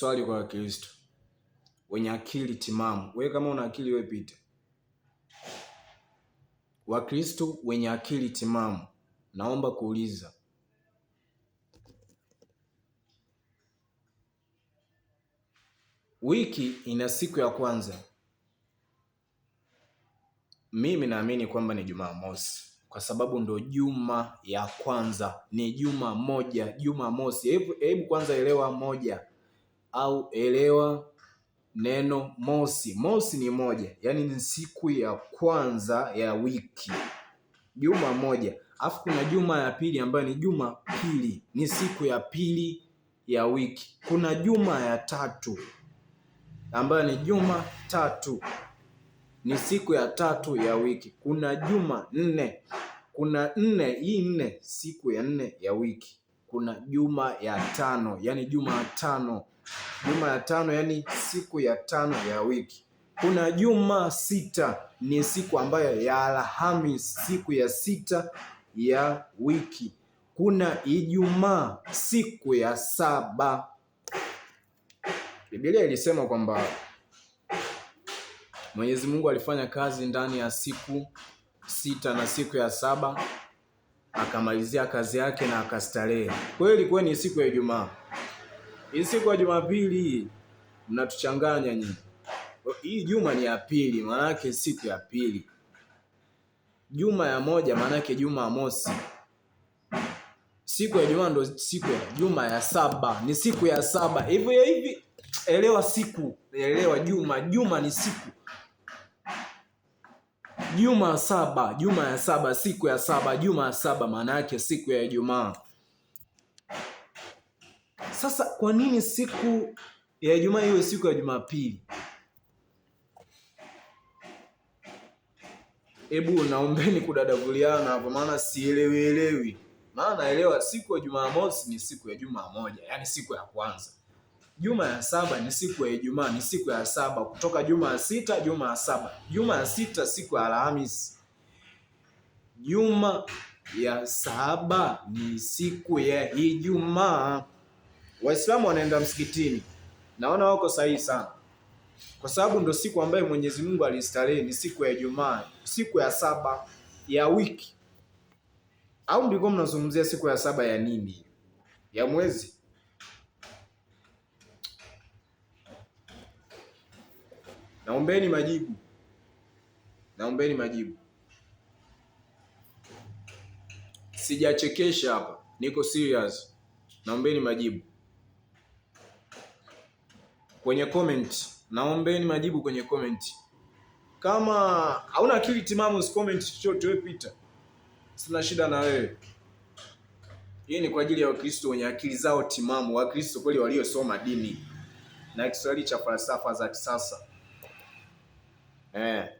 Swali kwa Wakristo wenye akili timamu. Wewe kama una akili, wewe pita. Wakristo wenye akili timamu, naomba kuuliza, wiki ina siku ya kwanza. Mimi naamini kwamba ni Jumamosi kwa sababu ndo juma ya kwanza, ni juma moja. Jumamosi, hebu hebu kwanza elewa moja au elewa neno mosi. Mosi ni moja, yaani ni siku ya kwanza ya wiki, juma moja. Alafu kuna juma ya pili ambayo ni juma pili, ni siku ya pili ya wiki. Kuna juma ya tatu ambayo ni juma tatu, ni siku ya tatu ya wiki. Kuna juma nne, kuna nne, hii nne, siku ya nne ya wiki. Kuna juma ya tano, yaani juma tano Juma ya tano, yani siku ya tano ya wiki. Kuna juma sita, ni siku ambayo ya Alhamis, siku ya sita ya wiki. Kuna Ijumaa, siku ya saba. Biblia ilisema kwamba Mwenyezi Mungu alifanya kazi ndani ya siku sita na siku ya saba akamalizia kazi yake na akastarehe. kweli kweli ni siku ya Ijumaa. Hii siku ya Jumapili mnatuchanganya nyinyi. Hii juma ni ya pili, maanake siku ya pili. Juma ya moja maanake juma mosi. Siku ya Jumaa ndo siku ya juma ya saba, ni siku ya saba hivyo hivi. Elewa siku, elewa juma. Juma ni siku, juma saba, juma ya saba, siku ya saba, juma ya saba, maana yake siku ya Ijumaa. Sasa kwa nini siku ya Ijumaa hiyo siku ya Jumapili? Hebu naombeni kudadavuliana hapo, maana sielewielewi. Maana naelewa siku ya Jumamosi ni siku ya juma moja, yaani siku ya kwanza. Juma ya saba ni siku ya Ijumaa, ni siku ya saba kutoka juma ya sita, juma ya saba, juma ya sita siku ya Alhamisi, juma ya saba ni siku ya Ijumaa. Waislamu wanaenda msikitini, naona wako sahihi sana, kwa sababu ndo siku ambayo Mwenyezi Mungu alistarehe ni siku ya Ijumaa, siku ya saba ya wiki. Au mlikuwa mnazungumzia siku ya saba ya nini? Ya mwezi? Naombeni majibu, naombeni majibu. Sijachekesha hapa, niko serious. Naombeni majibu kwenye comment, naombeni majibu kwenye comment. Kama hauna akili timamu, comment chochote, wewe pita, sina shida na wewe. Hii ni kwa ajili ya Wakristo wenye akili zao timamu, Wakristo kweli waliosoma dini na Kiswahili cha falsafa za kisasa eh.